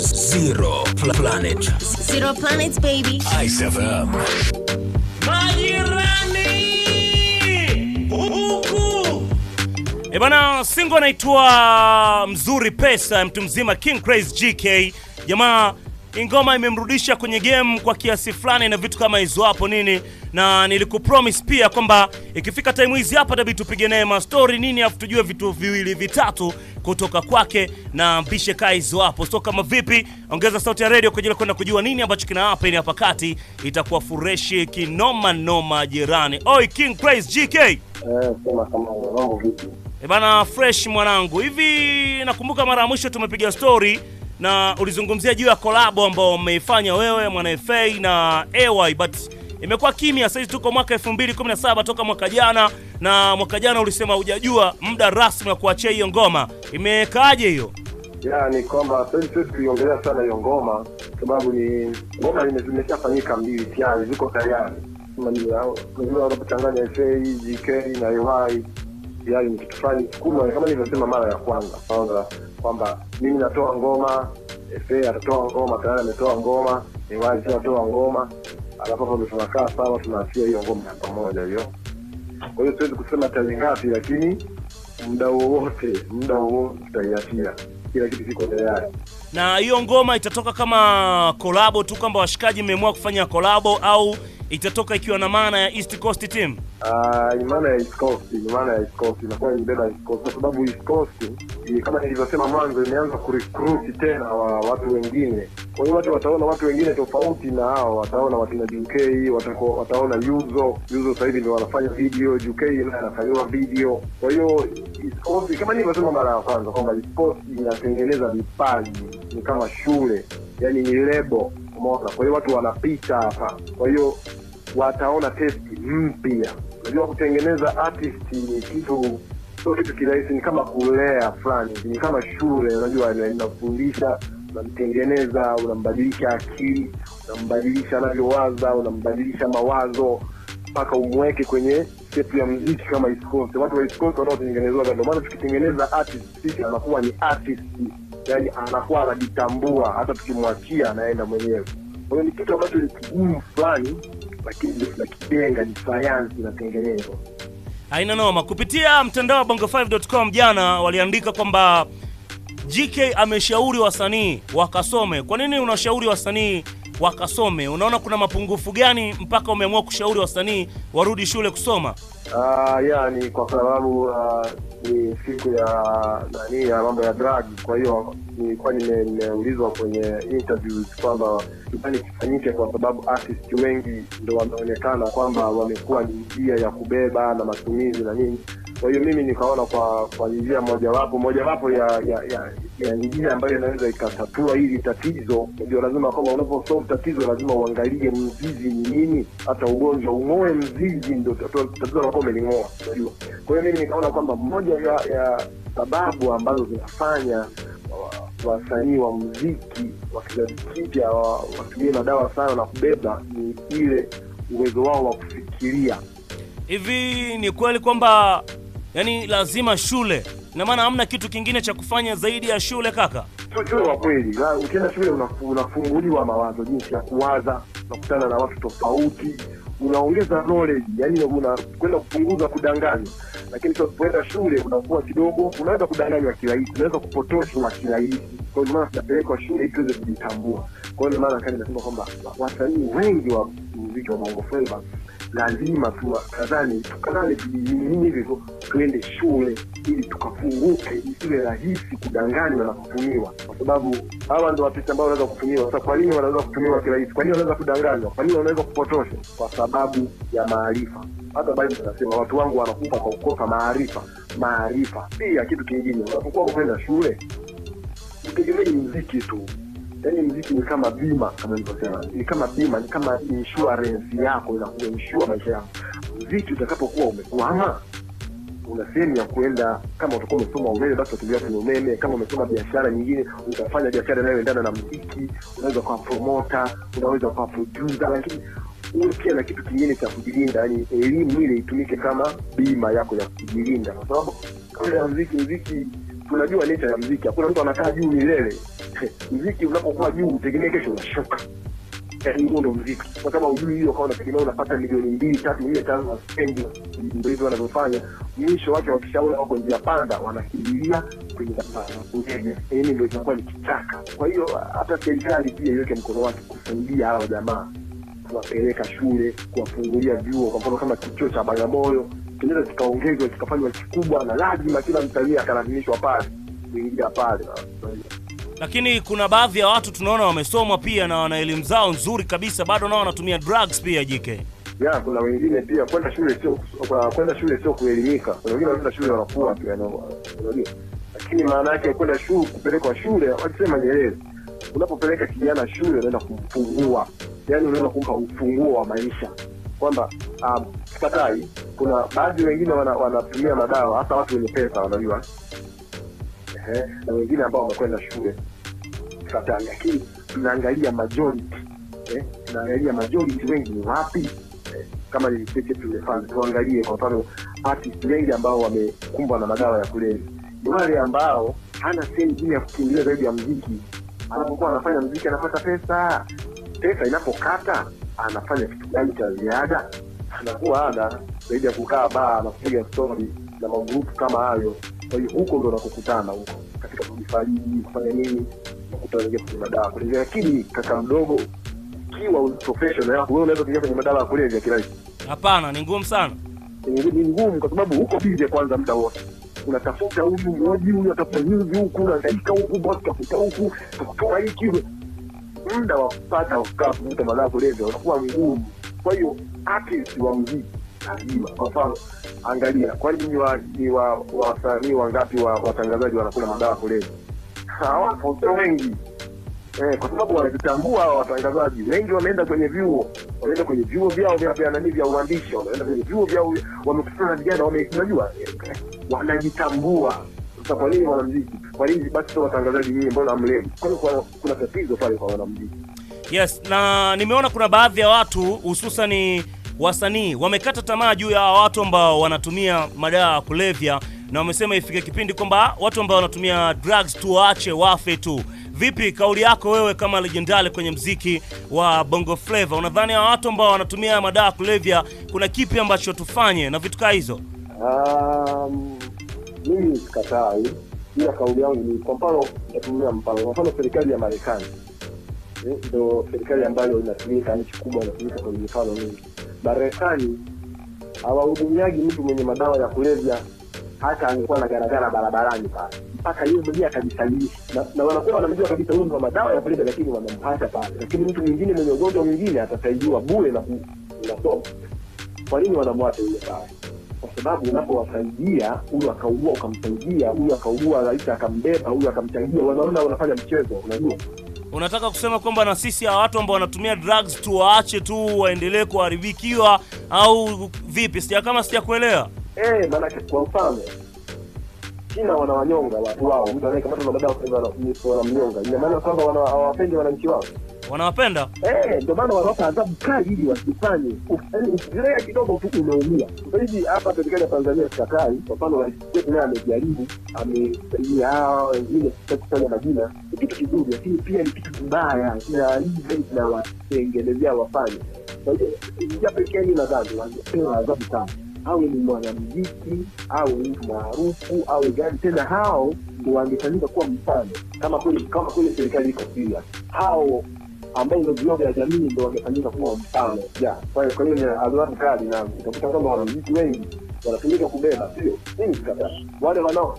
Zero Planet. Zero Planet baby. Ice FM. Majirani! Huku! Ebana, eh, singo anaitwa Mzuri Pesa, mtu mzima King Craze GK. Jamaa ingoma imemrudisha kwenye game kwa kiasi fulani na vitu kama hizo hapo nini, na nilikupromise pia kwamba ikifika time hizi hapa tabii tupige naye ma story nini, afu tujue vitu viwili vitatu kutoka kwake na Mpishe Kai Zwapo. So kama vipi, ongeza sauti ya radio kwa ajili ya kwenda kujua nini ambacho kina hapa hapa kati. Itakuwa fresh kinoma noma jirani. Oi King Praise GK. Eh, sema kama mambo vipi? E bana, fresh mwanangu. Hivi nakumbuka mara ya mwisho tumepiga story na ulizungumzia juu ya kolabo ambayo umeifanya wewe Mwana FA na AY but imekuwa kimya. Sasa tuko mwaka 2017 toka mwaka jana, na mwaka jana ulisema hujajua muda rasmi wa kuachia hiyo ngoma. Imewekaje hiyo? Ya, ni kwamba sasa sisi kuiongelea sana hiyo ngoma sababu ni ngoma imeshafanyika mbili tayari, ziko tayari. Unajua wanapochanganya FA, GK na AY tayari ni kitu fulani kikubwa, kama nilivyosema mara ya kwanza Naona kwamba mimi natoa ngoma, FA atatoa ngoma, tayari ametoa ngoma, pia atatoa ngoma, alafu hapo tunafanya tunakaa sawa, tunaachia hiyo ngoma ya pamoja hiyo. Kwa hiyo siwezi kusema tayari ngapi, lakini muda wowote, muda wowote tutaiachia, kila kitu kiko tayari. Na hiyo ngoma itatoka kama kolabo tu, kwamba washikaji mmeamua kufanya kolabo au itatoka ikiwa na maana ya East Coast team. Ah, maana ya East Coast, maana ya East Coast inakuwa imebeba East Coast kwa sababu East Coast kama nilivyosema mwanzo imeanza kurecruit tena wa watu wengine. Kwa hiyo watu wataona watu wengine tofauti na hao, wataona wakina UK, wataona Yuzo. Yuzo sasa hivi ndio wanafanya video, UK naye anafanyiwa video. Kwa hiyo East Coast kama nilivyosema mara ya kwanza kwamba East Coast inatengeneza vipaji, ni kama shule, yani ni lebo umeona kwa hiyo watu wanapita hapa kwa hiyo wataona testi mpya unajua kutengeneza artist ni kitu sio kitu kirahisi ni kama kulea fulani ni kama shule unajua inafundisha unamtengeneza unambadilisha akili unambadilisha anavyowaza unambadilisha mawazo mpaka umweke kwenye setu ya mziki kama East Watu wa wanaotengenezwa ndio maana tukitengeneza artist anakuwa ni artist yani anakuwa anajitambua, hata tukimwachia anaenda mwenyewe. Kwa ni kitu ambacho ni kigumu fulani, lakini ndio tunakijenga, ni sayansi inatengenezwa. aina noma. Kupitia mtandao wa bongo5.com jana waliandika kwamba JK ameshauri wasanii wakasome. Kwa nini unashauri wasanii wakasome? Unaona kuna mapungufu gani mpaka umeamua kushauri wasanii warudi shule kusoma? Uh, yani kwa sababu uh, ni siku ya nani ya mambo ya drag Kwa hiyo nilikuwa nimeulizwa kwenye interviews kwamba kipani kifanyike kwa sababu artist wengi ndo wameonekana kwamba wamekuwa ni njia ya kubeba na matumizi na nini kwa hiyo mimi nikaona kwa kwa njia mojawapo mojawapo ya ya, ya, ya njia ambayo inaweza ikatatua hili tatizo, ndio lazima kwamba unaposolve tatizo lazima uangalie mzizi ni nini, hata ugonjwa ung'oe mzizi, ndio tatizo lako umeling'oa, unajua. Kwa hiyo mimi nikaona kwamba moja ya, ya sababu ambazo zinafanya wasanii wa muziki wa kizazi kipya watumie madawa sana na kubeba ni ile uwezo wao wa kufikiria. Hivi ni kweli kwamba yani lazima shule, na maana hamna kitu kingine cha kufanya zaidi ya shule kaka. Kwa kweli ukienda shule unafunguliwa mawazo jinsi ya kuwaza, unakutana na watu tofauti, unaongeza knowledge, yani unakwenda kupunguza kudanganywa. Lakini unapoenda shule unakuwa kidogo, unaweza kudanganywa kirahisi, unaweza kupotoshwa kirahisi. Kwa hiyo maana tunapelekwa shule ili tuweze kujitambua. Kwa hiyo maana kani nasema kwamba wasanii wengi wa muziki wa mongo flavor lazima tu nadhani tukadhani tujiminie hivyo tuende shule ili tukafunguke, isiwe rahisi kudanganywa na kutumiwa, kwa sababu hawa ndo wapesa ambao wanaweza kutumiwa. Sasa kwa nini wanaweza kutumiwa kirahisi? Kwa nini wanaweza kudanganywa? Kwa nini wanaweza kupotosha? Kwa sababu ya maarifa. Hata Biblia tunasema watu wangu wanakufa kwa kukosa maarifa. Maarifa pia kitu kingine, unapokuwa kupenda shule utegemei mziki tu yani mziki ni kama bima kama nilivyosema, ni kama bima, ni kama insurance yako inakuwa kuinsure maisha yako. Mziki utakapokuwa umekwama una sehemu ya kuenda. Kama utakuwa umesoma umeme, basi utatumia kwenye umeme. Kama umesoma biashara nyingine, utafanya biashara inayoendana na mziki. Unaweza kuwa promota, unaweza kuwa producer, lakini uwe pia na kitu kingine cha kujilinda, yani elimu ile itumike kama bima yako ya kujilinda, kwa sababu kama mziki, mziki tunajua nature ya mziki, hakuna mtu anakaa juu milele mziki, unapokuwa juu utegemee kesho unashuka yaani huo ndo mziki kwa kama ujui hiyo unategemea unapata milioni mbili tatu nne tano waspendi ndo hivyo wanavyofanya mwisho wake wakishaona wako njia panda wanakimbilia kwenye yani ndo inakuwa ni kwa hiyo hata serikali pia iweke mkono wake kusaidia hawa jamaa kuwapeleka shule kuwafungulia vyuo kwa mfano kama kichuo cha bagamoyo kinaweza kikaongezwa kikafanywa kikubwa na lazima kila akalazimishwa pale kuingia pale lakini kuna baadhi ya watu tunaona wamesoma pia na wana elimu zao nzuri kabisa, bado nao wanatumia drugs pia jike ya kuna wengine pia kwenda shule sio kwenda shule sio kuelimika. Kuna wengine wanaenda shule wanakuwa tu, unajua, lakini maana yake kwenda shule, kupelekwa shule, wakisema Nyerere, unapopeleka kijana shule unaenda kumfungua, yani unaenda kumpa ufunguo wa maisha kwamba um, katai. Kuna baadhi wengine wanatumia wana madawa, hata watu wenye pesa, wanajua eh, na wengine ambao wamekwenda shule kata, lakini tunaangalia majority eh, tunaangalia majority wengi ni wapi eh, kama nilivyosema tuangalie kwa mfano artist wengi ambao wamekumbwa na madawa ya kulevi ni wale ambao hana sehemu ingine ya kukimbilia zaidi ya mziki anapokuwa anafanya mziki anapata pesa pesa inapokata anafanya kitu gani cha ziada anakuwa ana zaidi ya kukaa baa anakupiga stori na magrupu kama hayo kwa hiyo huko ndo nakukutana huko katika kujifariji, kufanya nini, nakuta naingia kwenye madawa kulevya. Lakini kaka mdogo, ukiwa profesional yako wewe unaweza kuingia kwenye madawa ya kulevya kirahisi? Hapana, ni ngumu sana, ni ngumu kwa sababu huko bize kwanza muda wote unatafuta huyu mwaji huyu atafuta nyuzi huku unaangaika huku bwa tutafuta huku tafuta hiki, muda wa kupata kukaa kuvuta madawa kulevya unakuwa ngumu. Kwa hiyo artist wa mziki lazima, kwa mfano angalia, kwani ni wa ni wa wasanii wangapi wa watangazaji wanakula madawa kulevya? Hawapo, sio wengi eh, kwa sababu wanajitambua hawa watangazaji. Wengi wameenda kwenye vyuo, wameenda kwenye vyuo vyao vya vya nani vya uandishi, wameenda kwenye vyuo vyao, wamekutana na vijana, wame wanajitambua. Sasa kwa nini wanamuziki, kwa nini basi sio watangazaji nyinyi? Mbona mlemi? Kwa kuna tatizo pale kwa wanamuziki. Yes, na nimeona kuna baadhi ya watu hususan wasanii wamekata tamaa juu ya watu ambao wanatumia madawa ya kulevya na wamesema ifike kipindi kwamba watu ambao wanatumia drugs tuwaache wafe tu. Vipi kauli yako wewe kama legendale kwenye mziki wa Bongo Flava, unadhani hawa watu ambao wanatumia madawa ya kulevya kuna kipi ambacho tufanye na vitu kaa hizo? Um, mimi sikatai, ila kauli yangu ni kwa mfano, natumia mfano, kwa mfano serikali ya Marekani eh, ndo serikali ambayo inatumika, nchi kubwa inatumika kwenye mifano mingi Marekani hawahudumiaji mtu mwenye madawa ya kulevya hata angekuwa na garagara barabarani pale mpaka yeye mwenyewe akajisajilisha na, na wanakuwa wanamjua kabisa huyu wa madawa ya kulevya lakini wanampata pale lakini mtu mwingine mwenye ugonjwa mwingine atasaidiwa bure na kunasoma kwa nini wanamwacha yule pale kwa sababu unapowasaidia huyu akaugua ukamsaidia huyu akaugua rais akambeba huyu akamchangia wanaona wanafanya mchezo unajua unataka kusema kwamba na sisi hawa watu ambao wanatumia drugs tuwaache tu waendelee kuharibikiwa au vipi? Sija kama kuelewa Eh, maanake kwa mfano China wanawanyonga watu wao, mtu anayekamatwa na dada wanamnyonga, ina maana kwamba hawapendi wananchi wao wanawapenda eh, ndio maana wanawapa adhabu kali ili wasifanye. Ukirea kidogo tu unaumia. Sasa hivi hapa serikali ya Tanzania serikali, kwa mfano rais wetu naye amejaribu, amesaidia hawa wengine, sitakusanya majina, ni kitu kizuri, lakini pia ni kitu kibaya, na hii zaidi tunawatengenezea wafanye. Kwa hiyo njia pekee ni nadhani wangepewa adhabu kali, awe ni mwanamuziki, awe mtu maarufu, awe gani tena, hao ndio wangefanyika kuwa mfano, kama kweli kama kweli serikali iko serious hao ambao ndio vyuo vya jamii ndio wamefanyika kuwa mfano ja. Kwa hiyo kwa ni adhabu kali, na utakuta kwamba wanamziki wengi wanatumika kubeba, sio mimi sikata wale wanao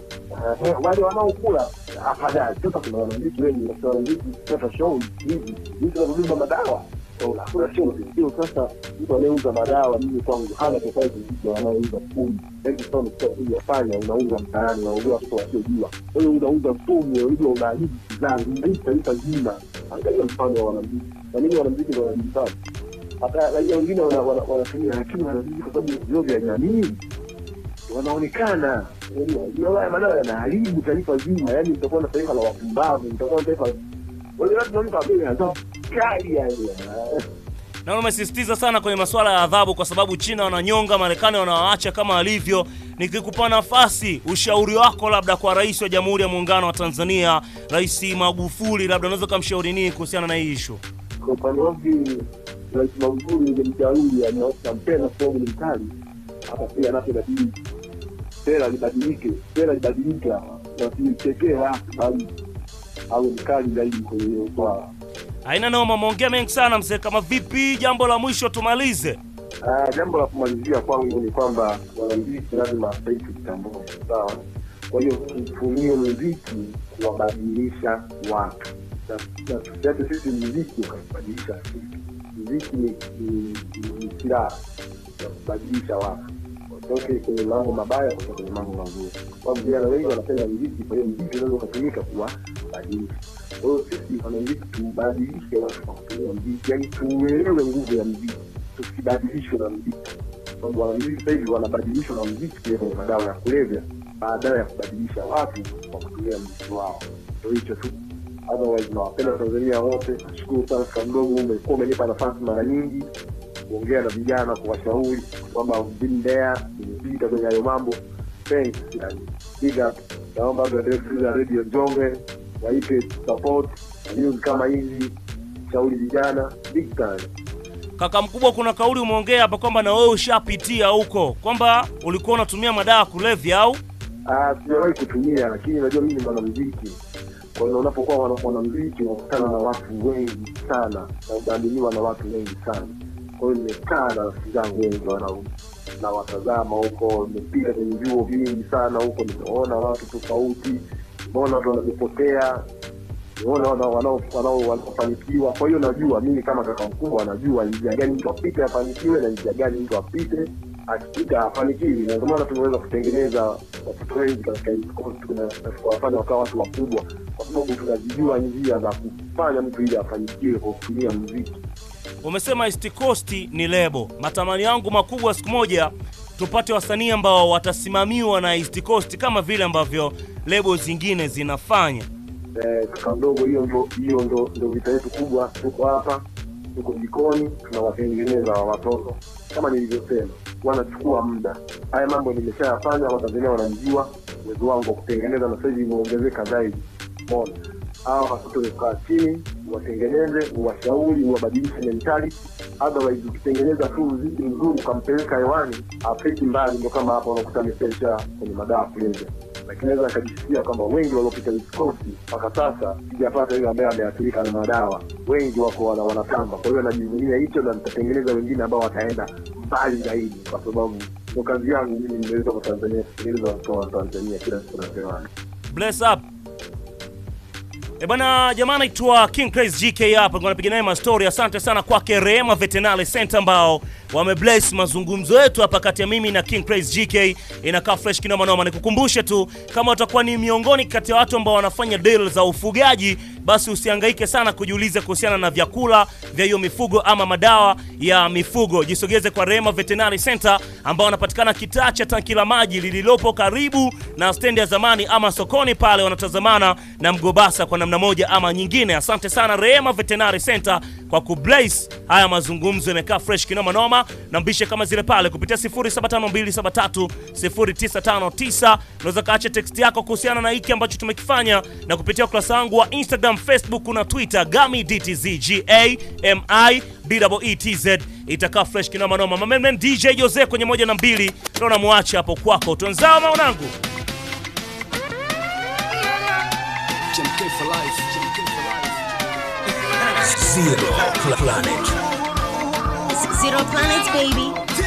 wale wanaokula afadhali. Sasa kuna wanamziki wengi na wanamziki sasa show hizi hizi wanabeba madawa kuna sio sio. Sasa mtu anayeuza madawa mimi kwangu hana tofauti na wanaouza sumu, yaani kwa hiyo unafanya unauza mtaani, unaujua watoto wasiojua, wewe unauza sumu, unajua unaharibu zangu hii taifa zima Angalia mfano wa wanamziki kwa nini wanamuziki ndio wanajulikana? Hata raia wengine wanatumia, lakini wanamziki kwa sababu vio vya jamii wanaonekana haya maneno yanaharibu taifa zima, yaani utakuwa na taifa la wapumbavu, utakuwa na taifa watu wanampa bei kali yani na wamesisitiza sana kwenye masuala ya adhabu, kwa sababu China wananyonga, Marekani wanawaacha kama alivyo. Nikikupa nafasi, ushauri wako labda kwa rais wa Jamhuri ya Muungano wa Tanzania, Rais Magufuli, labda unaweza kumshauri nini kuhusiana na hii ishu? Kwa upande wangu, Rais Magufuli ningemshauri, nampenda kwa sababu ni mkali, hata pia anapobadili sera libadilike, sera libadilika, nasitekea au mkali zaidi hiyo kwa aina noma, mwongea mengi sana mzee. Kama vipi, jambo la mwisho tumalize. Uh, jambo la kumalizia kwangu ni kwamba wanamziki lazima Afrika tutambue, sawa. Kwa hiyo tutumie mziki kuwabadilisha watu na tusiache sisi mziki ukatubadilisha. Mziki ni silaha ya kubadilisha watu yote kwenye mambo mabaya kutoka kwenye mambo mazuri, kwa vijana wengi wanapenda mziki, kwa hiyo mziki unaweza ukatumika kuwa badilisha. Kwa hiyo sisi wanamziki tubadilishe watu kwa kutumia mziki, yaani tuuelewe nguvu ya mziki, tusibadilishwe na mziki, sababu wanamziki sasa hivi wanabadilishwa na mziki pia kwenye madawa ya kulevya badala ya kubadilisha watu kwa kutumia mziki wao. Ndo hicho tu otherwise nawapenda Tanzania wote. Nashukuru sana kaka mdogo, umekuwa umenipa nafasi mara nyingi kuongea na vijana, kuwashauri kwamba mjimdea imepita kwenye hayo mambo. Thanks Naomba watu redio Njombe, waipe support news kama hizi, shauri vijana big time. Kaka mkubwa, kuna kauli umeongea hapa kwamba na wewe ushapitia huko, kwamba ulikuwa unatumia madawa kulevya au? Ah, sijawahi kutumia, lakini najua mii ni mwanamziki Kwa hiyo unapokuwa wanamziki unakutana na watu wengi sana na unaaminiwa na watu wengi sana kwa nimekaa na rafiki zangu wengi na watazama huko, nimepiga kwenye vyuo vingi sana huko, nimeona watu tofauti, nimeona watu wanajipotea nimeona wanaofanikiwa. Kwa hiyo najua mimi kama kaka mkubwa, najua njia gani mtu apite afanikiwe na njia gani mtu apite akipita afanikiwi, na ndio tumeweza kutengeneza watoto wengi katika kuwafanya wakawa watu wakubwa, kwa sababu tunazijua njia za kufanya mtu ili afanikiwe kwa kutumia mziki wamesema East Coast ni lebo. Matamani yangu makubwa siku moja tupate wasanii ambao watasimamiwa na East Coast kama vile ambavyo lebo zingine zinafanya. kaka eh, mdogo, hiyo hiyo ndo ndo vita yetu kubwa. Tuko hapa, tuko jikoni, tunawatengeneza watoto kama nilivyosema, wanachukua muda. Haya mambo nimeshayafanya, Watanzania wananijua uwezo wangu wa kutengeneza, na sasa hivi imeongezeka zaidi, umeona hao watoto kukaa chini, watengeneze, uwashauri, uwabadilishe mentali Otherwise ukitengeneza tu uzidi mzuri ukampeleka hewani, afiki mbali, ndio kama hapo unakuta ameshaisha kwenye madawa kulevya lakini naweza akajisikia kwamba wengi waliopita viskosi mpaka sasa sijapata yule ambaye ameathirika na madawa, wengi wako wana, wanatamba. Kwa hiyo anajivunia hicho na nitatengeneza wengine ambao wataenda mbali zaidi, kwa sababu ndo kazi yangu mimi. Nimeweza kwa Tanzania kutengeneza watoto wa Tanzania kila siku na Bless up E bwana jamaa anaitwa King Crazy GK hapa, napiga naye mastori. Asante sana kwake Rehema Veterinary Center ambao wamebless mazungumzo yetu hapa kati ya mimi na King Crazy GK, inakaa fresh kinoma noma. Nikukumbushe tu kama utakuwa ni miongoni kati ya watu ambao wanafanya deal za ufugaji basi usihangaike sana kujiuliza kuhusiana na vyakula vya hiyo mifugo ama madawa ya mifugo. Jisogeze kwa Rema Veterinary Center ambao wanapatikana kitaa cha tanki la maji lililopo karibu na stendi ya zamani ama sokoni pale, wanatazamana na Mgobasa kwa namna moja ama nyingine. Asante sana Rema Veterinary Center kwa kublaze haya mazungumzo, yamekaa fresh kinoma noma, na mbishe kama zile pale kupitia 0752730959 unaweza kaacha text yako kuhusiana na hiki ambacho tumekifanya na kupitia ukurasa wangu wa Instagram Facebook na Twitter Gami DTZ G A M I e, e T Z. Itakaa fresh kinoma noma. DJ Jose kwenye moja na mbili, naona muache hapo kwako tonzao maonangu Zero Planet. Zero Planet baby.